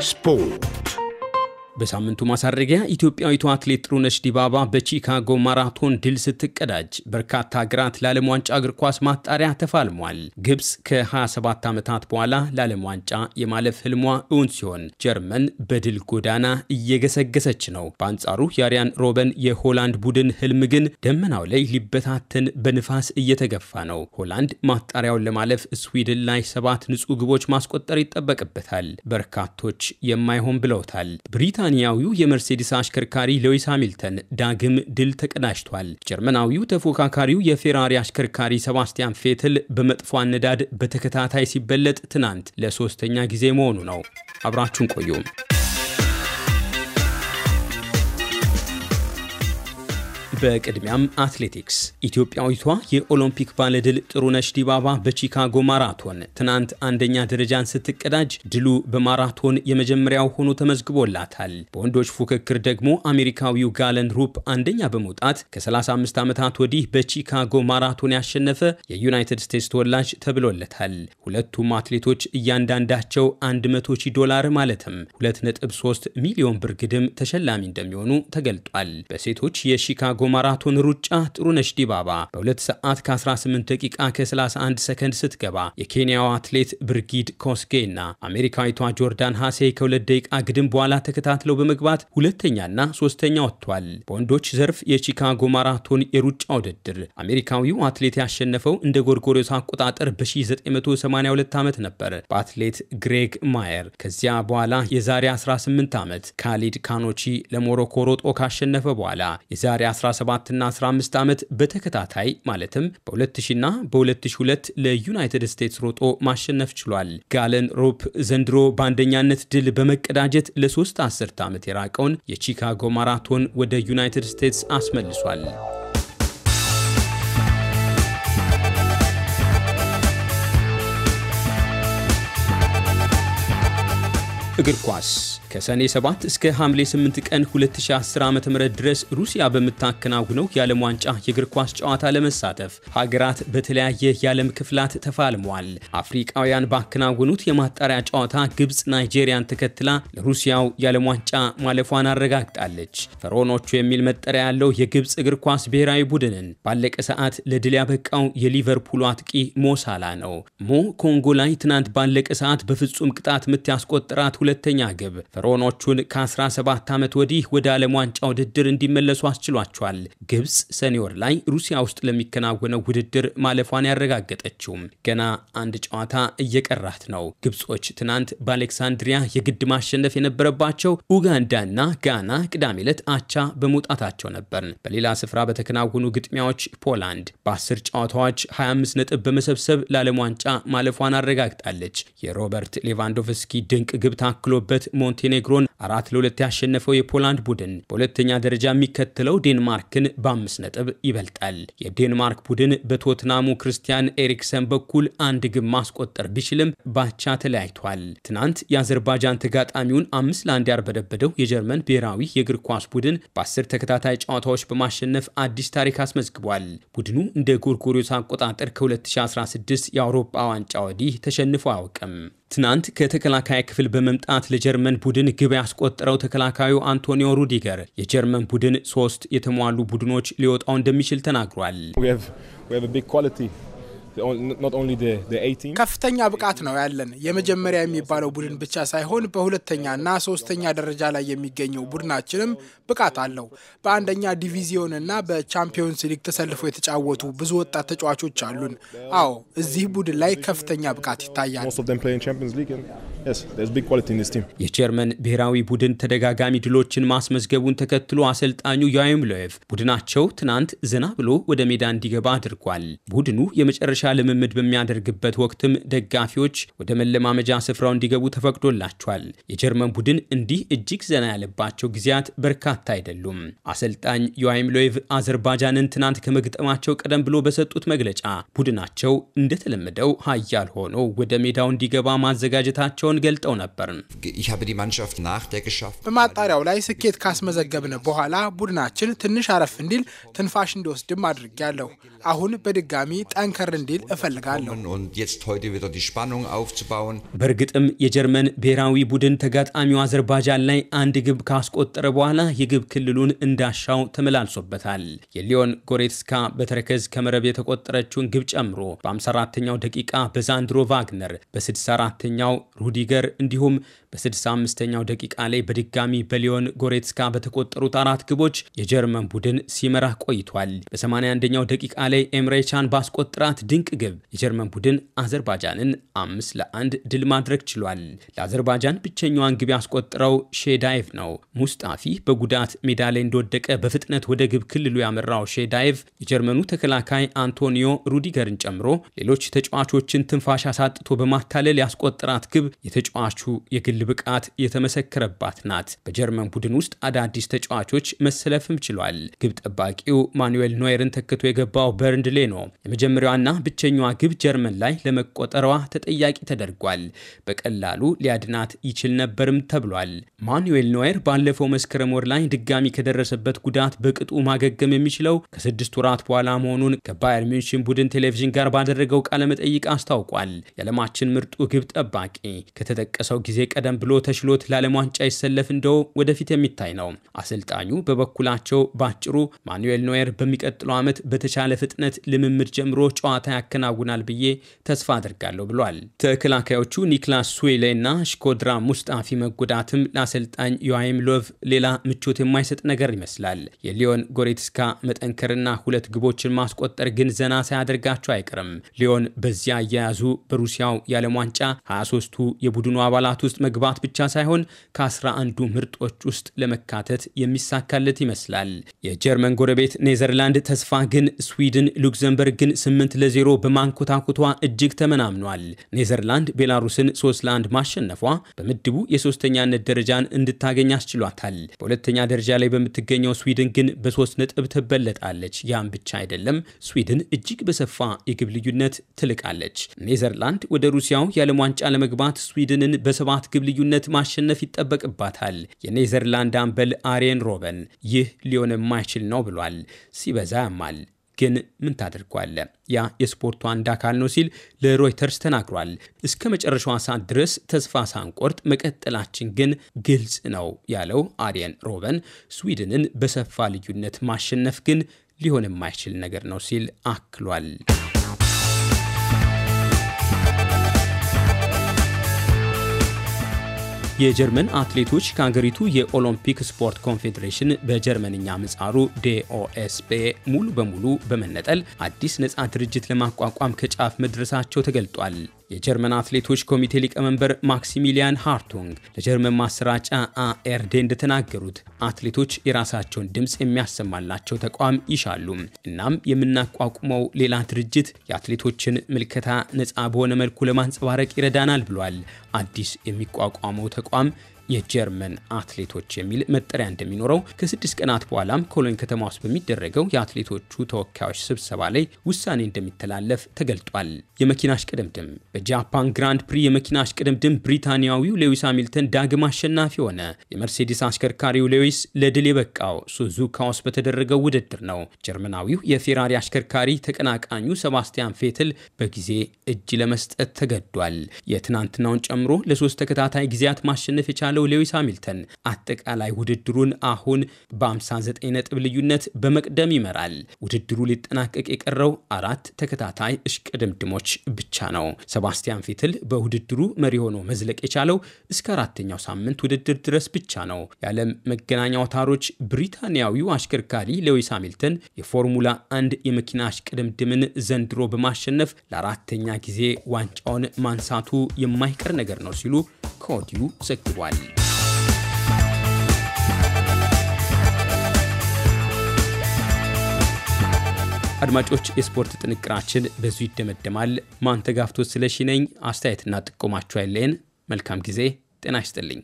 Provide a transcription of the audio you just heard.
Sport. በሳምንቱ ማሳረጊያ ኢትዮጵያዊቱ አትሌት ጥሩነሽ ዲባባ በቺካጎ ማራቶን ድል ስትቀዳጅ በርካታ ሀገራት ለዓለም ዋንጫ እግር ኳስ ማጣሪያ ተፋልሟል። ግብፅ ከ27 ዓመታት በኋላ ለዓለም ዋንጫ የማለፍ ህልሟ እውን ሲሆን፣ ጀርመን በድል ጎዳና እየገሰገሰች ነው። በአንጻሩ የአሪያን ሮበን የሆላንድ ቡድን ህልም ግን ደመናው ላይ ሊበታተን በንፋስ እየተገፋ ነው። ሆላንድ ማጣሪያውን ለማለፍ ስዊድን ላይ ሰባት ንጹህ ግቦች ማስቆጠር ይጠበቅበታል። በርካቶች የማይሆን ብለውታል። ብሪታ ብሪታንያዊው የመርሴዲስ አሽከርካሪ ሎዊስ ሃሚልተን ዳግም ድል ተቀዳጅቷል። ጀርመናዊው ተፎካካሪው የፌራሪ አሽከርካሪ ሰባስቲያን ፌትል በመጥፎ አነዳድ በተከታታይ ሲበለጥ ትናንት ለሶስተኛ ጊዜ መሆኑ ነው። አብራችሁን ቆዩም በቅድሚያም አትሌቲክስ ኢትዮጵያዊቷ የኦሎምፒክ ባለድል ጥሩነሽ ዲባባ በቺካጎ ማራቶን ትናንት አንደኛ ደረጃን ስትቀዳጅ ድሉ በማራቶን የመጀመሪያው ሆኖ ተመዝግቦላታል። በወንዶች ፉክክር ደግሞ አሜሪካዊው ጋለን ሩፕ አንደኛ በመውጣት ከ35 ዓመታት ወዲህ በቺካጎ ማራቶን ያሸነፈ የዩናይትድ ስቴትስ ተወላጅ ተብሎለታል። ሁለቱም አትሌቶች እያንዳንዳቸው 100 ሺህ ዶላር ማለትም 2.3 ሚሊዮን ብር ግድም ተሸላሚ እንደሚሆኑ ተገልጧል። በሴቶች የሺካጎ ማራቶን ሩጫ ጥሩነሽ ዲባባ በ2 ሰዓት ከ18 ደቂቃ ከ31 ሰከንድ ስትገባ የኬንያው አትሌት ብርጊድ ኮስጌና አሜሪካዊቷ ጆርዳን ሃሴ ከሁለት ደቂቃ ግድም በኋላ ተከታትለው በመግባት ሁለተኛና ሶስተኛ ወጥቷል። በወንዶች ዘርፍ የቺካጎ ማራቶን የሩጫ ውድድር አሜሪካዊው አትሌት ያሸነፈው እንደ ጎርጎሪዮስ አቆጣጠር በ1982 ዓመት ነበር በአትሌት ግሬግ ማየር። ከዚያ በኋላ የዛሬ 18 ዓመት ካሊድ ካኖቺ ለሞሮኮ ሮጦ ካሸነፈ በኋላ የዛሬ 17ና 15 ዓመት በተከታታይ ማለትም በ2000ና በ2002 ለዩናይትድ ስቴትስ ሮጦ ማሸነፍ ችሏል። ጋለን ሮፕ ዘንድሮ በአንደኛነት ድል በመቀዳጀት ለሶስት አስርተ ዓመት የራቀውን የቺካጎ ማራቶን ወደ ዩናይትድ ስቴትስ አስመልሷል። እግር ኳስ ከሰኔ 7 እስከ ሐምሌ 8 ቀን 2010 ዓ.ም ድረስ ሩሲያ በምታከናውነው የዓለም ዋንጫ የእግር ኳስ ጨዋታ ለመሳተፍ ሀገራት በተለያየ የዓለም ክፍላት ተፋልመዋል። አፍሪቃውያን ባከናወኑት የማጣሪያ ጨዋታ ግብፅ ናይጄሪያን ተከትላ ለሩሲያው የዓለም ዋንጫ ማለፏን አረጋግጣለች። ፈሮኖቹ የሚል መጠሪያ ያለው የግብፅ እግር ኳስ ብሔራዊ ቡድንን ባለቀ ሰዓት ለድል ያበቃው የሊቨርፑሉ አጥቂ ሞሳላ ነው። ሞ ኮንጎ ላይ ትናንት ባለቀ ሰዓት በፍጹም ቅጣት ምት ያስቆጠራት ሁለተኛ ግብ ፈርዖኖቹን ከ17 ዓመት ወዲህ ወደ ዓለም ዋንጫ ውድድር እንዲመለሱ አስችሏቸዋል። ግብፅ ሰኔ ወር ላይ ሩሲያ ውስጥ ለሚከናወነው ውድድር ማለፏን ያረጋገጠችውም ገና አንድ ጨዋታ እየቀራት ነው። ግብጾች ትናንት በአሌክሳንድሪያ የግድ ማሸነፍ የነበረባቸው ኡጋንዳና ጋና ቅዳሜ ዕለት አቻ በመውጣታቸው ነበር። በሌላ ስፍራ በተከናወኑ ግጥሚያዎች ፖላንድ በ10 ጨዋታዎች 25 ነጥብ በመሰብሰብ ለዓለም ዋንጫ ማለፏን አረጋግጣለች። የሮበርት ሌቫንዶቭስኪ ድንቅ ግብታ ታክሎበት ሞንቴኔግሮን አራት ለሁለት ያሸነፈው የፖላንድ ቡድን በሁለተኛ ደረጃ የሚከተለው ዴንማርክን በአምስት ነጥብ ይበልጣል። የዴንማርክ ቡድን በቶትናሙ ክርስቲያን ኤሪክሰን በኩል አንድ ግብ ማስቆጠር ቢችልም ባቻ ተለያይቷል። ትናንት የአዘርባይጃን ተጋጣሚውን አምስት ለአንድ ያርበደበደው የጀርመን ብሔራዊ የእግር ኳስ ቡድን በአስር ተከታታይ ጨዋታዎች በማሸነፍ አዲስ ታሪክ አስመዝግቧል። ቡድኑ እንደ ጎርጎሪዮስ አቆጣጠር ከ2016 የአውሮፓ ዋንጫ ወዲህ ተሸንፎ አያውቅም። ትናንት ከተከላካይ ክፍል በመምጣት ለጀርመን ቡድን ግብ ያስቆጠረው ተከላካዩ አንቶኒዮ ሩዲገር የጀርመን ቡድን ሶስት የተሟሉ ቡድኖች ሊወጣው እንደሚችል ተናግሯል። ከፍተኛ ብቃት ነው ያለን። የመጀመሪያ የሚባለው ቡድን ብቻ ሳይሆን በሁለተኛና ሶስተኛ ደረጃ ላይ የሚገኘው ቡድናችንም ብቃት አለው። በአንደኛ ዲቪዚዮንና በቻምፒዮንስ ሊግ ተሰልፎ የተጫወቱ ብዙ ወጣት ተጫዋቾች አሉን። አዎ፣ እዚህ ቡድን ላይ ከፍተኛ ብቃት ይታያል። የጀርመን ብሔራዊ ቡድን ተደጋጋሚ ድሎችን ማስመዝገቡን ተከትሎ አሰልጣኙ ዮይም ሎየቭ ቡድናቸው ትናንት ዘና ብሎ ወደ ሜዳ እንዲገባ አድርጓል። ቡድኑ የመጨረሻ ልምምድ በሚያደርግበት ወቅትም ደጋፊዎች ወደ መለማመጃ ስፍራው እንዲገቡ ተፈቅዶላቸዋል። የጀርመን ቡድን እንዲህ እጅግ ዘና ያለባቸው ጊዜያት በርካታ አይደሉም። አሰልጣኝ ዮይም ሎየቭ አዘርባጃንን ትናንት ከመግጠማቸው ቀደም ብሎ በሰጡት መግለጫ ቡድናቸው እንደተለመደው ሀያል ሆኖ ወደ ሜዳው እንዲገባ ማዘጋጀታቸው ስሜታቸውን ገልጠው ነበር። በማጣሪያው ላይ ስኬት ካስመዘገብን በኋላ ቡድናችን ትንሽ አረፍ እንዲል ትንፋሽ እንዲወስድም አድርጊያለሁ። አሁን በድጋሚ ጠንከር እንዲል እፈልጋለሁ። በእርግጥም የጀርመን ብሔራዊ ቡድን ተጋጣሚው አዘርባጃን ላይ አንድ ግብ ካስቆጠረ በኋላ የግብ ክልሉን እንዳሻው ተመላልሶበታል። የሊዮን ጎሬትስካ በተረከዝ ከመረብ የተቆጠረችውን ግብ ጨምሮ በ54ኛው ደቂቃ በዛንድሮ ቫግነር፣ በ64ኛው ሩዲ ሩዲገር እንዲሁም በ65ኛው ደቂቃ ላይ በድጋሚ በሊዮን ጎሬትስካ በተቆጠሩት አራት ግቦች የጀርመን ቡድን ሲመራ ቆይቷል። በ81ኛው ደቂቃ ላይ ኤምሬቻን ባስቆጥራት ባስቆጠራት ድንቅ ግብ የጀርመን ቡድን አዘርባጃንን አምስት ለአንድ ድል ማድረግ ችሏል። ለአዘርባጃን ብቸኛዋን ግብ ያስቆጠረው ሼዳይቭ ነው። ሙስጣፊ በጉዳት ሜዳ ላይ እንደወደቀ በፍጥነት ወደ ግብ ክልሉ ያመራው ሼዳይቭ የጀርመኑ ተከላካይ አንቶኒዮ ሩዲገርን ጨምሮ ሌሎች ተጫዋቾችን ትንፋሽ አሳጥቶ በማታለል ያስቆጠራት ግብ የተጫዋቹ የግል የግል ብቃት የተመሰከረባት ናት። በጀርመን ቡድን ውስጥ አዳዲስ ተጫዋቾች መሰለፍም ችሏል። ግብ ጠባቂው ማኑዌል ኖየርን ተክቶ የገባው ሌ ነው። የመጀመሪያዋና ብቸኛዋ ግብ ጀርመን ላይ ለመቆጠሯ ተጠያቂ ተደርጓል። በቀላሉ ሊያድናት ይችል ነበርም ተብሏል። ማኑዌል ኖየር ባለፈው መስከረም ወር ላይ ድጋሚ ከደረሰበት ጉዳት በቅጡ ማገገም የሚችለው ከስድስት ወራት በኋላ መሆኑን ከባየር ሚንሽን ቡድን ቴሌቪዥን ጋር ባደረገው ቃለመጠይቅ አስታውቋል። የዓለማችን ምርጡ ግብ ጠባቂ ከተጠቀሰው ጊዜ ቀደም ቀደም ብሎ ተችሎት ለዓለም ዋንጫ ይሰለፍ እንደው ወደፊት የሚታይ ነው። አሰልጣኙ በበኩላቸው ባጭሩ ማኑኤል ኖየር በሚቀጥለው ዓመት በተቻለ ፍጥነት ልምምድ ጀምሮ ጨዋታ ያከናውናል ብዬ ተስፋ አድርጋለሁ ብሏል። ተከላካዮቹ ኒክላስ ስዌሌ እና ሽኮድራ ሙስጣፊ መጎዳትም ለአሰልጣኝ ዮሃይም ሎቭ ሌላ ምቾት የማይሰጥ ነገር ይመስላል። የሊዮን ጎሬትስካ መጠንከርና ሁለት ግቦችን ማስቆጠር ግን ዘና ሳያደርጋቸው አይቀርም። ሊዮን በዚያ አያያዙ በሩሲያው የዓለም ዋንጫ 23ቱ የቡድኑ አባላት ውስጥ መግባ መግባት ብቻ ሳይሆን ከአስራ አንዱ ምርጦች ውስጥ ለመካተት የሚሳካለት ይመስላል። የጀርመን ጎረቤት ኔዘርላንድ ተስፋ ግን ስዊድን ሉክዘምበርግን ለ ለዜሮ በማንኮታኮቷ እጅግ ተመናምኗል። ኔዘርላንድ ቤላሩስን 3 ለ1 ማሸነፏ በምድቡ የሶስተኛነት ደረጃን እንድታገኝ አስችሏታል። በሁለተኛ ደረጃ ላይ በምትገኘው ስዊድን ግን በሶስት ነጥብ ትበለጣለች። ያም ብቻ አይደለም፣ ስዊድን እጅግ በሰፋ የግብ ልዩነት ትልቃለች። ኔዘርላንድ ወደ ሩሲያው የዓለም ዋንጫ ለመግባት ስዊድንን በሰባት ግብ ልዩነት ማሸነፍ ይጠበቅባታል። የኔዘርላንድ አምበል አሬን ሮበን ይህ ሊሆን የማይችል ነው ብሏል። ሲበዛ ያማል ግን ምን ታደርጓለ? ያ የስፖርቱ አንድ አካል ነው ሲል ለሮይተርስ ተናግሯል። እስከ መጨረሻዋ ሰዓት ድረስ ተስፋ ሳንቆርጥ መቀጠላችን ግን ግልጽ ነው ያለው አሪየን ሮበን ስዊድንን በሰፋ ልዩነት ማሸነፍ ግን ሊሆን የማይችል ነገር ነው ሲል አክሏል። የጀርመን አትሌቶች ከሀገሪቱ የኦሎምፒክ ስፖርት ኮንፌዴሬሽን በጀርመንኛ ምጻሩ ዴኦኤስፔ ሙሉ በሙሉ በመነጠል አዲስ ነጻ ድርጅት ለማቋቋም ከጫፍ መድረሳቸው ተገልጧል። የጀርመን አትሌቶች ኮሚቴ ሊቀመንበር ማክሲሚሊያን ሃርቱንግ ለጀርመን ማሰራጫ አኤርዴ እንደተናገሩት አትሌቶች የራሳቸውን ድምፅ የሚያሰማላቸው ተቋም ይሻሉ። እናም የምናቋቁመው ሌላ ድርጅት የአትሌቶችን ምልከታ ነፃ በሆነ መልኩ ለማንጸባረቅ ይረዳናል ብሏል። አዲስ የሚቋቋመው ተቋም የጀርመን አትሌቶች የሚል መጠሪያ እንደሚኖረው ከስድስት ቀናት በኋላም ኮሎኝ ከተማ ውስጥ በሚደረገው የአትሌቶቹ ተወካዮች ስብሰባ ላይ ውሳኔ እንደሚተላለፍ ተገልጧል። የመኪና አሽቅድምድም። በጃፓን ግራንድ ፕሪ የመኪና አሽቅድምድም ብሪታንያዊው ሌዊስ ሃሚልተን ዳግም አሸናፊ ሆነ። የመርሴዲስ አሽከርካሪው ሌዊስ ለድል የበቃው ሱዙካ ውስጥ በተደረገው ውድድር ነው። ጀርመናዊው የፌራሪ አሽከርካሪ ተቀናቃኙ ሰባስቲያን ፌትል በጊዜ እጅ ለመስጠት ተገዷል። የትናንትናውን ጨምሮ ለሶስት ተከታታይ ጊዜያት ማሸነፍ የቻለ ያለው ሌዊስ ሃሚልተን አጠቃላይ ውድድሩን አሁን በ59 ነጥብ ልዩነት በመቅደም ይመራል። ውድድሩ ሊጠናቀቅ የቀረው አራት ተከታታይ እሽቅድምድሞች ብቻ ነው። ሰባስቲያን ፊትል በውድድሩ መሪ ሆኖ መዝለቅ የቻለው እስከ አራተኛው ሳምንት ውድድር ድረስ ብቻ ነው። የዓለም መገናኛ አውታሮች ብሪታንያዊው አሽከርካሪ ሌዊስ ሃሚልተን የፎርሙላ አንድ የመኪና እሽቅድምድምን ዘንድሮ በማሸነፍ ለአራተኛ ጊዜ ዋንጫውን ማንሳቱ የማይቀር ነገር ነው ሲሉ ከወዲሁ ዘግቧል። አድማጮች፣ የስፖርት ጥንቅራችን በዙ ይደመደማል። ማንተጋፍቶ ስለሺ ነኝ። አስተያየትና ጥቆማችሁ አይለየን። መልካም ጊዜ። ጤና ይስጥልኝ።